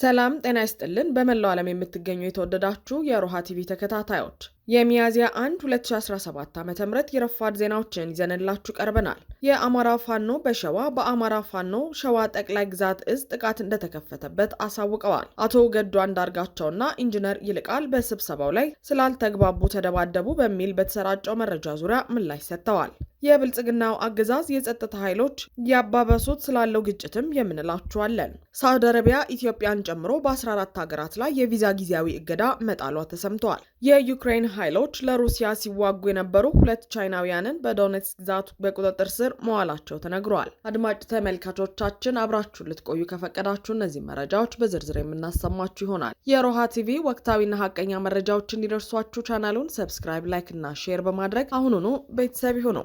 ሰላም ጤና ይስጥልን። በመላው ዓለም የምትገኙ የተወደዳችሁ የሮሃ ቲቪ ተከታታዮች የሚያዝያ 1 2017 ዓ ም የረፋድ ዜናዎችን ይዘንላችሁ ቀርበናል። የአማራ ፋኖ በሸዋ በአማራ ፋኖ ሸዋ ጠቅላይ ግዛት እዝ ጥቃት እንደተከፈተበት አሳውቀዋል። አቶ ገዱ አንዳርጋቸውና ኢንጂነር ይልቃል በስብሰባው ላይ ስላልተግባቡ ተደባደቡ በሚል በተሰራጨው መረጃ ዙሪያ ምላሽ ሰጥተዋል። የብልጽግናው አገዛዝ የጸጥታ ኃይሎች ያባበሱት ስላለው ግጭትም የምንላችኋለን። ሳውዲ አረቢያ ኢትዮጵያን ጨምሮ በ14 ሀገራት ላይ የቪዛ ጊዜያዊ እገዳ መጣሏ ተሰምተዋል። የዩክሬን ኃይሎች ለሩሲያ ሲዋጉ የነበሩ ሁለት ቻይናውያንን በዶኔትስክ ግዛት በቁጥጥር ስር መዋላቸው ተነግረዋል። አድማጭ ተመልካቾቻችን አብራችሁን ልትቆዩ ከፈቀዳችሁ እነዚህ መረጃዎች በዝርዝር የምናሰማችሁ ይሆናል። የሮሃ ቲቪ ወቅታዊና ሀቀኛ መረጃዎች እንዲደርሷችሁ ቻናሉን ሰብስክራይብ፣ ላይክ እና ሼር በማድረግ አሁኑኑ ቤተሰብ ይሁኑ።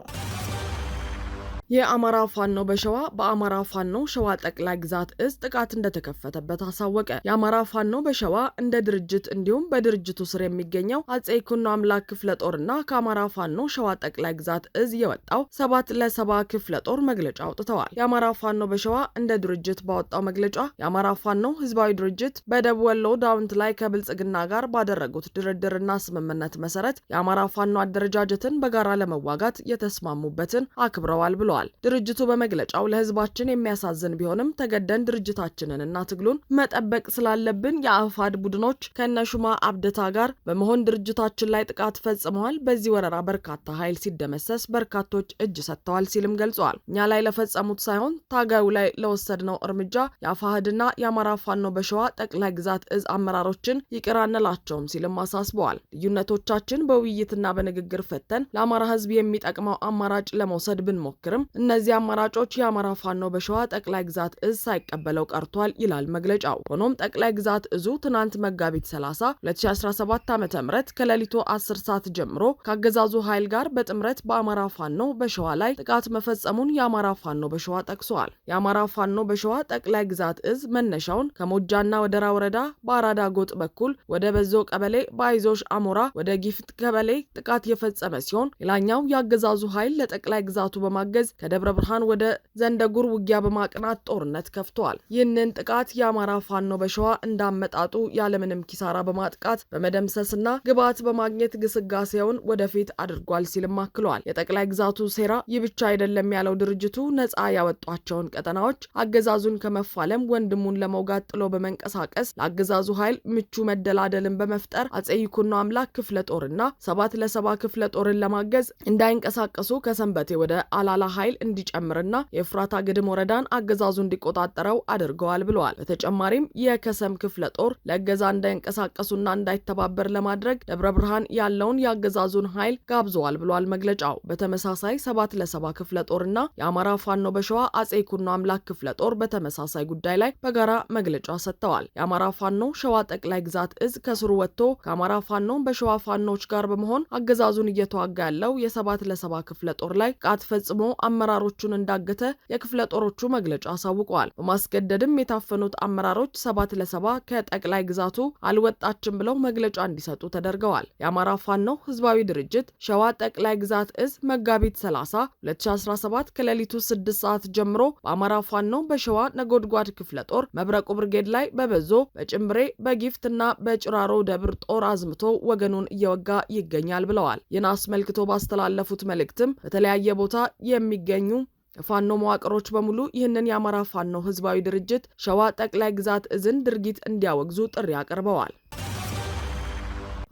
የአማራ ፋኖ በሸዋ በአማራ ፋኖ ሸዋ ጠቅላይ ግዛት እዝ ጥቃት እንደተከፈተበት አሳወቀ። የአማራ ፋኖ በሸዋ እንደ ድርጅት እንዲሁም በድርጅቱ ስር የሚገኘው አጼ ይኩኖ አምላክ ክፍለ ጦርና ከአማራ ፋኖ ሸዋ ጠቅላይ ግዛት እዝ የወጣው ሰባት ለሰባ ክፍለ ጦር መግለጫ አውጥተዋል። የአማራ ፋኖ በሸዋ እንደ ድርጅት ባወጣው መግለጫ የአማራ ፋኖ ህዝባዊ ድርጅት በደቡብ ወሎ ዳውንት ላይ ከብልጽግና ጋር ባደረጉት ድርድርና ስምምነት መሰረት የአማራ ፋኖ አደረጃጀትን በጋራ ለመዋጋት የተስማሙበትን አክብረዋል ብለዋል። ብሏል። ድርጅቱ በመግለጫው ለህዝባችን የሚያሳዝን ቢሆንም ተገደን እና ትግሉን መጠበቅ ስላለብን የአፋድ ቡድኖች ከነሹማ አብደታ ጋር በመሆን ድርጅታችን ላይ ጥቃት ፈጽመዋል። በዚህ ወረራ በርካታ ኃይል ሲደመሰስ በርካቶች እጅ ሰጥተዋል ሲልም ገልጿል። እኛ ላይ ለፈጸሙት ሳይሆን ታጋዩ ላይ ለወሰድነው እርምጃ የአፋህድና የአማራ ፋኖ በሸዋ ጠቅላይ ግዛት እዝ አመራሮችን ይቅር አንላቸውም ሲልም አሳስበዋል። ልዩነቶቻችን በውይይትና በንግግር ፈተን ለአማራ ህዝብ የሚጠቅመው አማራጭ ለመውሰድ ብንሞክርም እነዚህ አማራጮች የአማራ ፋኖ በሸዋ ጠቅላይ ግዛት እዝ ሳይቀበለው ቀርቷል ይላል መግለጫው። ሆኖም ጠቅላይ ግዛት እዙ ትናንት መጋቢት 30 2017 ዓ ም ከሌሊቱ 10 ሰዓት ጀምሮ ከአገዛዙ ኃይል ጋር በጥምረት በአማራ ፋኖ በሸዋ ላይ ጥቃት መፈጸሙን የአማራ ፋኖ በሸዋ ጠቅሰዋል። የአማራ ፋኖ በሸዋ ጠቅላይ ግዛት እዝ መነሻውን ከሞጃና ወደራ ወረዳ በአራዳ ጎጥ በኩል ወደ በዞ ቀበሌ በአይዞሽ አሞራ ወደ ጊፍት ቀበሌ ጥቃት የፈጸመ ሲሆን ሌላኛው የአገዛዙ ኃይል ለጠቅላይ ግዛቱ በማገዝ ከደብረ ብርሃን ወደ ዘንደጉር ውጊያ በማቅናት ጦርነት ከፍተዋል። ይህንን ጥቃት የአማራ ፋኖ በሸዋ እንዳመጣጡ ያለምንም ኪሳራ በማጥቃት በመደምሰስና ግብዓት በማግኘት ግስጋሴውን ወደፊት አድርጓል ሲልም አክለዋል። የጠቅላይ ግዛቱ ሴራ ይህ ብቻ አይደለም ያለው ድርጅቱ ነጻ ያወጧቸውን ቀጠናዎች አገዛዙን ከመፋለም ወንድሙን ለመውጋት ጥሎ በመንቀሳቀስ ለአገዛዙ ኃይል ምቹ መደላደልን በመፍጠር አጼ ይኩኖ አምላክ ክፍለ ጦርና ሰባት ለሰባ ክፍለ ጦርን ለማገዝ እንዳይንቀሳቀሱ ከሰንበቴ ወደ አላላ ኃይል እንዲጨምርና የኤፍራታ ግድም ወረዳን አገዛዙ እንዲቆጣጠረው አድርገዋል ብለዋል። በተጨማሪም የከሰም ክፍለ ጦር ለእገዛ እንዳይንቀሳቀሱና እንዳይተባበር ለማድረግ ደብረ ብርሃን ያለውን የአገዛዙን ኃይል ጋብዘዋል ብለዋል መግለጫው። በተመሳሳይ ሰባት ለሰባ ክፍለ ጦርና የአማራ ፋኖ በሸዋ አጼ ኩኖ አምላክ ክፍለ ጦር በተመሳሳይ ጉዳይ ላይ በጋራ መግለጫ ሰጥተዋል። የአማራ ፋኖ ሸዋ ጠቅላይ ግዛት እዝ ከስሩ ወጥቶ ከአማራ ፋኖ በሸዋ ፋኖዎች ጋር በመሆን አገዛዙን እየተዋጋ ያለው የሰባት ለሰባ ክፍለ ጦር ላይ ቃት ፈጽሞ አመራሮቹን እንዳገተ የክፍለ ጦሮቹ መግለጫ አሳውቀዋል። በማስገደድም የታፈኑት አመራሮች ሰባት ለሰባ ከጠቅላይ ግዛቱ አልወጣችም ብለው መግለጫ እንዲሰጡ ተደርገዋል። የአማራ ፋኖ ህዝባዊ ድርጅት ሸዋ ጠቅላይ ግዛት እዝ መጋቢት 30 2017 ከሌሊቱ 6 ሰዓት ጀምሮ በአማራ ፋኖ በሸዋ ነጎድጓድ ክፍለ ጦር መብረቁ ብርጌድ ላይ በበዞ በጭምብሬ በጊፍት እና በጭራሮ ደብር ጦር አዝምቶ ወገኑን እየወጋ ይገኛል ብለዋል። ይህን አስመልክቶ ባስተላለፉት መልእክትም በተለያየ ቦታ የሚ የሚገኙ የፋኖ መዋቅሮች በሙሉ ይህንን የአማራ ፋኖ ህዝባዊ ድርጅት ሸዋ ጠቅላይ ግዛት እዝን ድርጊት እንዲያወግዙ ጥሪ አቅርበዋል።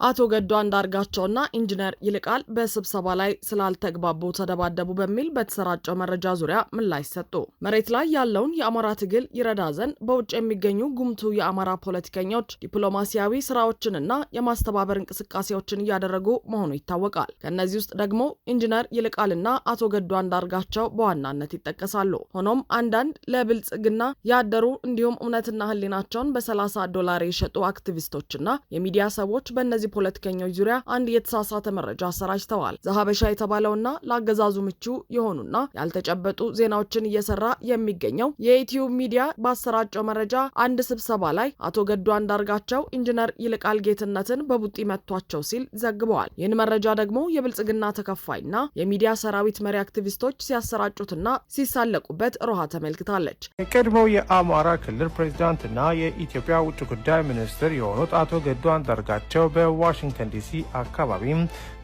አቶ ገዱ አንዳርጋቸውና ኢንጂነር ይልቃል በስብሰባ ላይ ስላልተግባቡ ተደባደቡ በሚል በተሰራጨው መረጃ ዙሪያ ምላሽ ሰጡ። መሬት ላይ ያለውን የአማራ ትግል ይረዳ ዘንድ በውጭ የሚገኙ ጉምቱ የአማራ ፖለቲከኞች ዲፕሎማሲያዊ ስራዎችንና የማስተባበር እንቅስቃሴዎችን እያደረጉ መሆኑ ይታወቃል። ከእነዚህ ውስጥ ደግሞ ኢንጂነር ይልቃልና አቶ ገዱ አንዳርጋቸው በዋናነት ይጠቀሳሉ። ሆኖም አንዳንድ ለብልጽግና ያደሩ እንዲሁም እውነትና ህሊናቸውን በ30 ዶላር የሸጡ አክቲቪስቶችና የሚዲያ ሰዎች በእነዚህ በእነዚህ ፖለቲከኞች ዙሪያ አንድ የተሳሳተ መረጃ አሰራጭተዋል። ዘሀበሻ የተባለውና ለአገዛዙ ምቹ የሆኑና ያልተጨበጡ ዜናዎችን እየሰራ የሚገኘው የዩትዩብ ሚዲያ ባሰራጨው መረጃ አንድ ስብሰባ ላይ አቶ ገዱ አንዳርጋቸው ኢንጂነር ይልቃል ጌትነትን በቡጢ መቷቸው ሲል ዘግበዋል። ይህን መረጃ ደግሞ የብልጽግና ተከፋይና የሚዲያ ሰራዊት መሪ አክቲቪስቶች ሲያሰራጩትና ሲሳለቁበት ሮሃ ተመልክታለች። የቀድሞው የአማራ ክልል ፕሬዚዳንትና የኢትዮጵያ ውጭ ጉዳይ ሚኒስትር የሆኑት አቶ ገዱ አንዳርጋቸው በ በዋሽንግተን ዲሲ አካባቢ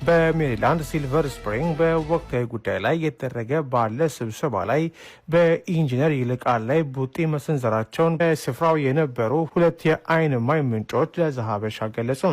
በሜሪላንድ ሲልቨር ስፕሪንግ በወቅታዊ ጉዳይ ላይ የተደረገ ባለ ስብሰባ ላይ በኢንጂነር ይልቃል ላይ ቡጢ መሰንዘራቸውን በስፍራው የነበሩ ሁለት የአይን እማኝ ምንጮች ለዘሀበሻ ገለጹ።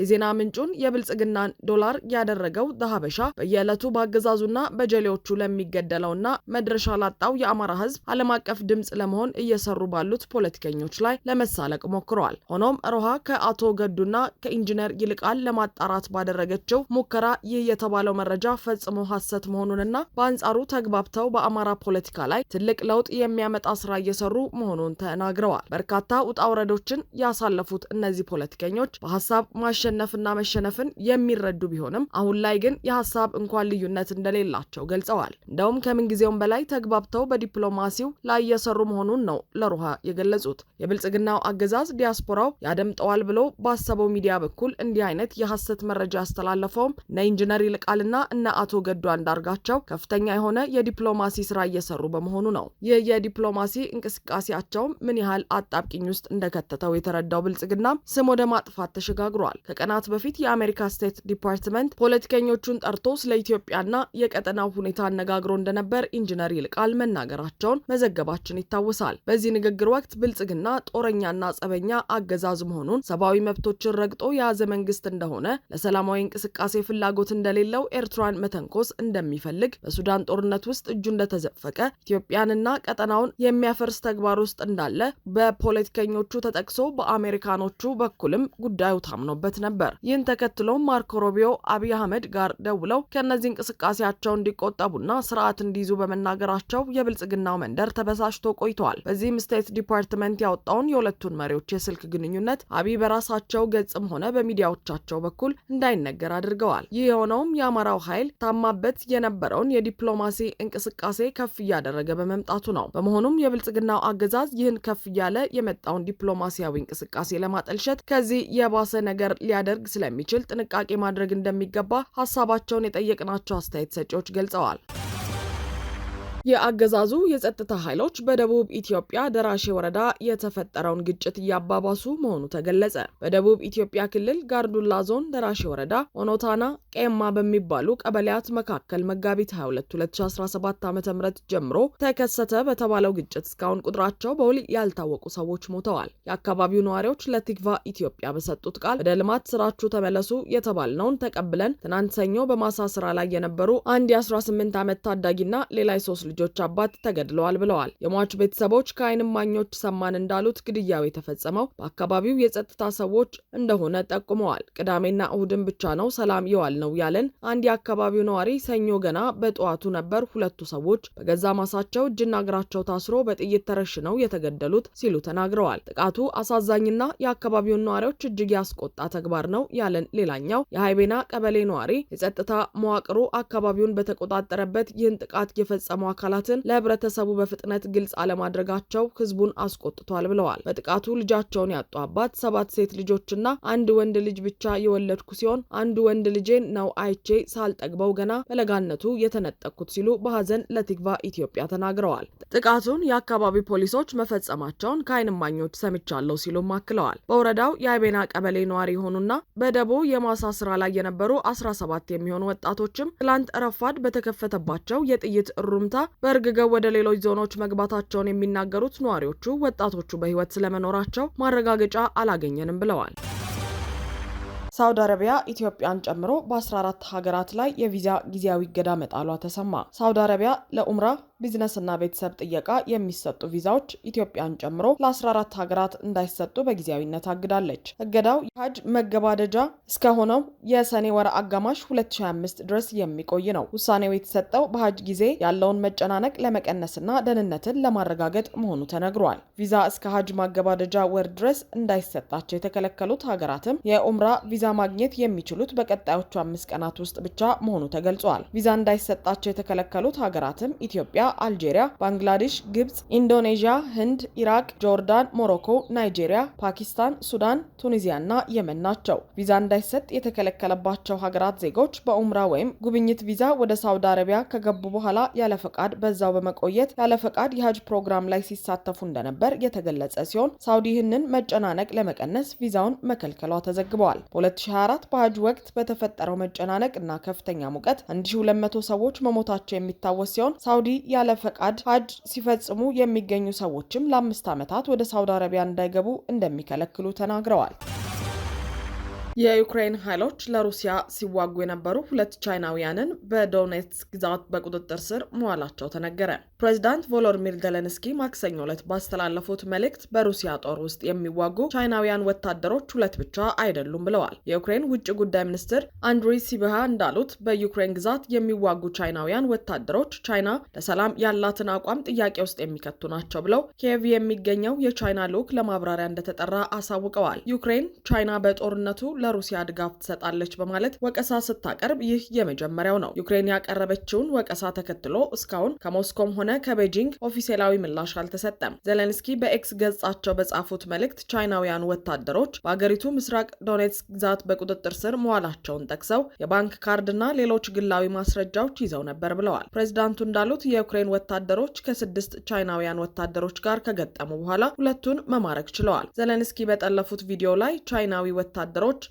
የዜና ምንጩን የብልጽግናን ዶላር ያደረገው ዘሀበሻ በየዕለቱ በአገዛዙና በጀሌዎቹ ለሚገደለውና መድረሻ ላጣው የአማራ ህዝብ ዓለም አቀፍ ድምፅ ለመሆን እየሰሩ ባሉት ፖለቲከኞች ላይ ለመሳለቅ ሞክረዋል። ሆኖም ሮሃ ከአቶ ገዱና ከኢንጂነር ይልቃል ለማጣራት ባደረገችው ሙከራ ይህ የተባለው መረጃ ፈጽሞ ሐሰት መሆኑንና በአንጻሩ ተግባብተው በአማራ ፖለቲካ ላይ ትልቅ ለውጥ የሚያመጣ ስራ እየሰሩ መሆኑን ተናግረዋል። በርካታ ውጣ ውረዶችን ያሳለፉት እነዚህ ፖለቲከኞች በሀሳብ ማሻ መሸነፍና መሸነፍን የሚረዱ ቢሆንም አሁን ላይ ግን የሀሳብ እንኳን ልዩነት እንደሌላቸው ገልጸዋል። እንደውም ከምንጊዜውም በላይ ተግባብተው በዲፕሎማሲው ላይ እየሰሩ መሆኑን ነው ለሮሃ የገለጹት። የብልጽግናው አገዛዝ ዲያስፖራው ያደምጠዋል ብሎ ባሰበው ሚዲያ በኩል እንዲህ አይነት የሀሰት መረጃ ያስተላለፈውም እነ ኢንጂነር ይልቃልና እነ አቶ ገዱ አንዳርጋቸው ከፍተኛ የሆነ የዲፕሎማሲ ስራ እየሰሩ በመሆኑ ነው። ይህ የዲፕሎማሲ እንቅስቃሴያቸውም ምን ያህል አጣብቂኝ ውስጥ እንደከተተው የተረዳው ብልጽግና ስም ወደ ማጥፋት ተሸጋግሯል። ከቀናት በፊት የአሜሪካ ስቴት ዲፓርትመንት ፖለቲከኞቹን ጠርቶ ስለ ኢትዮጵያና የቀጠናው ሁኔታ አነጋግሮ እንደነበር ኢንጂነር ይልቃል መናገራቸውን መዘገባችን ይታወሳል። በዚህ ንግግር ወቅት ብልጽግና ጦረኛና ጸበኛ አገዛዝ መሆኑን፣ ሰብአዊ መብቶችን ረግጦ የያዘ መንግስት እንደሆነ፣ ለሰላማዊ እንቅስቃሴ ፍላጎት እንደሌለው ኤርትራን መተንኮስ እንደሚፈልግ፣ በሱዳን ጦርነት ውስጥ እጁ እንደተዘፈቀ፣ ኢትዮጵያንና ቀጠናውን የሚያፈርስ ተግባር ውስጥ እንዳለ በፖለቲከኞቹ ተጠቅሶ በአሜሪካኖቹ በኩልም ጉዳዩ ታምኖበት ነበር። ይህን ተከትሎም ማርኮ ሮቢዮ አብይ አህመድ ጋር ደውለው ከእነዚህ እንቅስቃሴያቸው እንዲቆጠቡና ስርዓት እንዲይዙ በመናገራቸው የብልጽግናው መንደር ተበሳሽቶ ቆይተዋል። በዚህም ስቴት ዲፓርትመንት ያወጣውን የሁለቱን መሪዎች የስልክ ግንኙነት አብይ በራሳቸው ገጽም ሆነ በሚዲያዎቻቸው በኩል እንዳይነገር አድርገዋል። ይህ የሆነውም የአማራው ኃይል ታማበት የነበረውን የዲፕሎማሲ እንቅስቃሴ ከፍ እያደረገ በመምጣቱ ነው። በመሆኑም የብልጽግናው አገዛዝ ይህን ከፍ እያለ የመጣውን ዲፕሎማሲያዊ እንቅስቃሴ ለማጠልሸት ከዚህ የባሰ ነገር ሊ ሊያደርግ ስለሚችል ጥንቃቄ ማድረግ እንደሚገባ ሀሳባቸውን የጠየቅናቸው አስተያየት ሰጪዎች ገልጸዋል። የአገዛዙ የጸጥታ ኃይሎች በደቡብ ኢትዮጵያ ደራሼ ወረዳ የተፈጠረውን ግጭት እያባባሱ መሆኑ ተገለጸ። በደቡብ ኢትዮጵያ ክልል ጋርዱላ ዞን ደራሼ ወረዳ ኦኖታና ቄማ በሚባሉ ቀበሌያት መካከል መጋቢት 22 2017 ዓ ም ጀምሮ ተከሰተ በተባለው ግጭት እስካሁን ቁጥራቸው በውል ያልታወቁ ሰዎች ሞተዋል። የአካባቢው ነዋሪዎች ለቲክቫ ኢትዮጵያ በሰጡት ቃል ወደ ልማት ስራችሁ ተመለሱ የተባልነውን ተቀብለን ትናንት ሰኞ በማሳ ስራ ላይ የነበሩ አንድ የ18 ዓመት ታዳጊና ሌላ የሶስት ልጆች አባት ተገድለዋል ብለዋል። የሟች ቤተሰቦች ከዓይን እማኞች ሰማን እንዳሉት ግድያው የተፈጸመው በአካባቢው የጸጥታ ሰዎች እንደሆነ ጠቁመዋል። ቅዳሜና እሁድን ብቻ ነው ሰላም የዋል ነው ያለን አንድ የአካባቢው ነዋሪ ሰኞ ገና በጠዋቱ ነበር ሁለቱ ሰዎች በገዛ ማሳቸው እጅና እግራቸው ታስሮ በጥይት ተረሽነው የተገደሉት ሲሉ ተናግረዋል። ጥቃቱ አሳዛኝና የአካባቢውን ነዋሪዎች እጅግ ያስቆጣ ተግባር ነው ያለን ሌላኛው የሀይቤና ቀበሌ ነዋሪ የጸጥታ መዋቅሩ አካባቢውን በተቆጣጠረበት ይህን ጥቃት የፈጸሙ አካል አካላትን ለህብረተሰቡ በፍጥነት ግልጽ አለማድረጋቸው ህዝቡን አስቆጥቷል ብለዋል። በጥቃቱ ልጃቸውን ያጡ አባት ሰባት ሴት ልጆችና አንድ ወንድ ልጅ ብቻ የወለድኩ ሲሆን አንዱ ወንድ ልጄን ነው አይቼ ሳልጠግበው ገና በለጋነቱ የተነጠቅኩት ሲሉ በሀዘን ለቲግቫ ኢትዮጵያ ተናግረዋል። ጥቃቱን የአካባቢ ፖሊሶች መፈጸማቸውን ከዓይን እማኞች ሰምቻለሁ ሲሉም አክለዋል። በወረዳው የአይቤና ቀበሌ ነዋሪ የሆኑና በደቦ የማሳ ስራ ላይ የነበሩ 17 የሚሆኑ ወጣቶችም ትላንት ረፋድ በተከፈተባቸው የጥይት እሩምታ በእርግገው ወደ ሌሎች ዞኖች መግባታቸውን የሚናገሩት ነዋሪዎቹ ወጣቶቹ በህይወት ስለመኖራቸው ማረጋገጫ አላገኘንም ብለዋል። ሳውዲ አረቢያ ኢትዮጵያን ጨምሮ በ14 ሀገራት ላይ የቪዛ ጊዜያዊ እገዳ መጣሏ ተሰማ። ሳውዲ አረቢያ ለኡምራ ቢዝነስና ቤተሰብ ጥየቃ የሚሰጡ ቪዛዎች ኢትዮጵያን ጨምሮ ለ14 ሀገራት እንዳይሰጡ በጊዜያዊነት አግዳለች። እገዳው የሀጅ መገባደጃ እስከሆነው የሰኔ ወር አጋማሽ 2025 ድረስ የሚቆይ ነው። ውሳኔው የተሰጠው በሀጅ ጊዜ ያለውን መጨናነቅ ለመቀነስና ደህንነትን ለማረጋገጥ መሆኑ ተነግሯል። ቪዛ እስከ ሀጅ ማገባደጃ ወር ድረስ እንዳይሰጣቸው የተከለከሉት ሀገራትም የኡምራ ቪዛ ማግኘት የሚችሉት በቀጣዮቹ አምስት ቀናት ውስጥ ብቻ መሆኑ ተገልጿል። ቪዛ እንዳይሰጣቸው የተከለከሉት ሀገራትም ኢትዮጵያ፣ አልጄሪያ፣ ባንግላዴሽ፣ ግብጽ፣ ኢንዶኔዥያ፣ ህንድ፣ ኢራቅ፣ ጆርዳን፣ ሞሮኮ፣ ናይጄሪያ፣ ፓኪስታን፣ ሱዳን፣ ቱኒዚያ እና የመን ናቸው። ቪዛ እንዳይሰጥ የተከለከለባቸው ሀገራት ዜጎች በኡምራ ወይም ጉብኝት ቪዛ ወደ ሳውዲ አረቢያ ከገቡ በኋላ ያለ ፈቃድ በዛው በመቆየት ያለ ፈቃድ የሀጅ ፕሮግራም ላይ ሲሳተፉ እንደነበር የተገለጸ ሲሆን ሳውዲ ይህንን መጨናነቅ ለመቀነስ ቪዛውን መከልከሏ ተዘግበዋል። በ2024 በሀጅ ወቅት በተፈጠረው መጨናነቅ እና ከፍተኛ ሙቀት 1200 ሰዎች መሞታቸው የሚታወስ ሲሆን ሳውዲ ያለ ፈቃድ ሀጅ ሲፈጽሙ የሚገኙ ሰዎችም ለአምስት ዓመታት ወደ ሳውዲ አረቢያ እንዳይገቡ እንደሚከለክሉ ተናግረዋል። የዩክሬን ኃይሎች ለሩሲያ ሲዋጉ የነበሩ ሁለት ቻይናውያንን በዶኔትስክ ግዛት በቁጥጥር ስር መዋላቸው ተነገረ። ፕሬዚዳንት ቮሎዲሚር ዘለንስኪ ማክሰኞ ዕለት ባስተላለፉት መልእክት በሩሲያ ጦር ውስጥ የሚዋጉ ቻይናውያን ወታደሮች ሁለት ብቻ አይደሉም ብለዋል። የዩክሬን ውጭ ጉዳይ ሚኒስትር አንድሪ ሲቢሃ እንዳሉት በዩክሬን ግዛት የሚዋጉ ቻይናውያን ወታደሮች ቻይና ለሰላም ያላትን አቋም ጥያቄ ውስጥ የሚከቱ ናቸው ብለው ኪየቭ የሚገኘው የቻይና ልዑክ ለማብራሪያ እንደተጠራ አሳውቀዋል። ዩክሬን ቻይና በጦርነቱ ለሩሲያ ድጋፍ ትሰጣለች በማለት ወቀሳ ስታቀርብ ይህ የመጀመሪያው ነው። ዩክሬን ያቀረበችውን ወቀሳ ተከትሎ እስካሁን ከሞስኮም ሆነ ከቤጂንግ ኦፊሴላዊ ምላሽ አልተሰጠም። ዜሌንስኪ በኤክስ ገጻቸው በጻፉት መልእክት ቻይናውያን ወታደሮች በአገሪቱ ምስራቅ ዶኔትስክ ግዛት በቁጥጥር ስር መዋላቸውን ጠቅሰው የባንክ ካርድና ሌሎች ግላዊ ማስረጃዎች ይዘው ነበር ብለዋል። ፕሬዚዳንቱ እንዳሉት የዩክሬን ወታደሮች ከስድስት ቻይናውያን ወታደሮች ጋር ከገጠሙ በኋላ ሁለቱን መማረክ ችለዋል። ዜሌንስኪ በጠለፉት ቪዲዮ ላይ ቻይናዊ ወታደሮች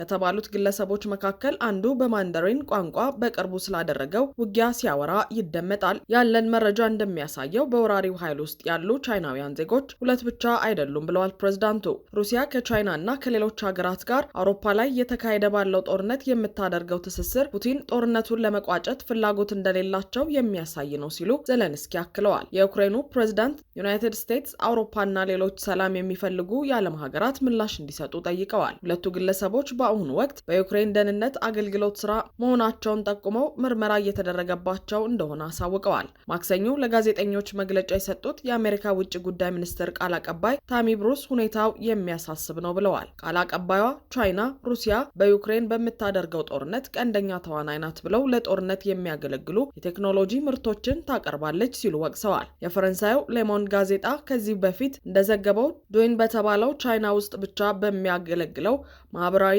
ከተባሉት ግለሰቦች መካከል አንዱ በማንደሪን ቋንቋ በቅርቡ ስላደረገው ውጊያ ሲያወራ ይደመጣል። ያለን መረጃ እንደሚያሳየው በወራሪው ኃይል ውስጥ ያሉ ቻይናውያን ዜጎች ሁለት ብቻ አይደሉም ብለዋል ፕሬዝዳንቱ። ሩሲያ ከቻይና እና ከሌሎች ሀገራት ጋር አውሮፓ ላይ እየተካሄደ ባለው ጦርነት የምታደርገው ትስስር ፑቲን ጦርነቱን ለመቋጨት ፍላጎት እንደሌላቸው የሚያሳይ ነው ሲሉ ዘለንስኪ አክለዋል። የዩክሬኑ ፕሬዝዳንት ዩናይትድ ስቴትስ፣ አውሮፓና ሌሎች ሰላም የሚፈልጉ የዓለም ሀገራት ምላሽ እንዲሰጡ ጠይቀዋል። ሁለቱ ግለሰቦች በ በአሁኑ ወቅት በዩክሬን ደህንነት አገልግሎት ስራ መሆናቸውን ጠቁመው ምርመራ እየተደረገባቸው እንደሆነ አሳውቀዋል። ማክሰኞ ለጋዜጠኞች መግለጫ የሰጡት የአሜሪካ ውጭ ጉዳይ ሚኒስትር ቃል አቀባይ ታሚ ብሩስ ሁኔታው የሚያሳስብ ነው ብለዋል። ቃል አቀባይዋ ቻይና ሩሲያ በዩክሬን በምታደርገው ጦርነት ቀንደኛ ተዋናይ ናት ብለው ለጦርነት የሚያገለግሉ የቴክኖሎጂ ምርቶችን ታቀርባለች ሲሉ ወቅሰዋል። የፈረንሳዩ ሌሞንድ ጋዜጣ ከዚህ በፊት እንደዘገበው ዶይን በተባለው ቻይና ውስጥ ብቻ በሚያገለግለው ማህበራዊ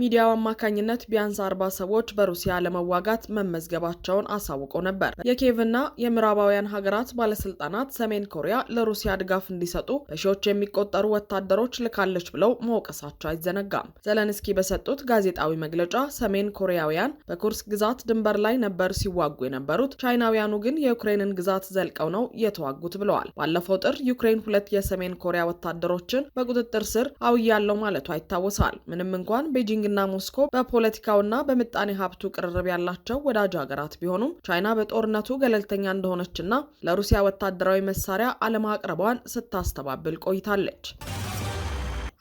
ሚዲያው አማካኝነት ቢያንስ አርባ ሰዎች በሩሲያ ለመዋጋት መመዝገባቸውን አሳውቆ ነበር። የኪየቭና የምዕራባውያን ሀገራት ባለስልጣናት ሰሜን ኮሪያ ለሩሲያ ድጋፍ እንዲሰጡ በሺዎች የሚቆጠሩ ወታደሮች ልካለች ብለው መወቀሳቸው አይዘነጋም። ዘለንስኪ በሰጡት ጋዜጣዊ መግለጫ ሰሜን ኮሪያውያን በኩርስ ግዛት ድንበር ላይ ነበር ሲዋጉ የነበሩት፣ ቻይናውያኑ ግን የዩክሬንን ግዛት ዘልቀው ነው የተዋጉት ብለዋል። ባለፈው ጥር ዩክሬን ሁለት የሰሜን ኮሪያ ወታደሮችን በቁጥጥር ስር አውያለው ማለቷ ይታወሳል። ምንም እንኳን ቤጂንግ ፒዮንግያንግና ሞስኮ በፖለቲካውና በምጣኔ ሀብቱ ቅርርብ ያላቸው ወዳጅ ሀገራት ቢሆኑም ቻይና በጦርነቱ ገለልተኛ እንደሆነችና ለሩሲያ ወታደራዊ መሳሪያ አለማቅረቧን ስታስተባብል ቆይታለች።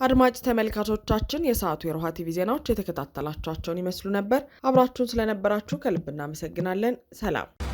አድማጭ ተመልካቾቻችን የሰዓቱ የሮሃ ቲቪ ዜናዎች የተከታተላችኋቸውን ይመስሉ ነበር። አብራችሁን ስለነበራችሁ ከልብ እናመሰግናለን። ሰላም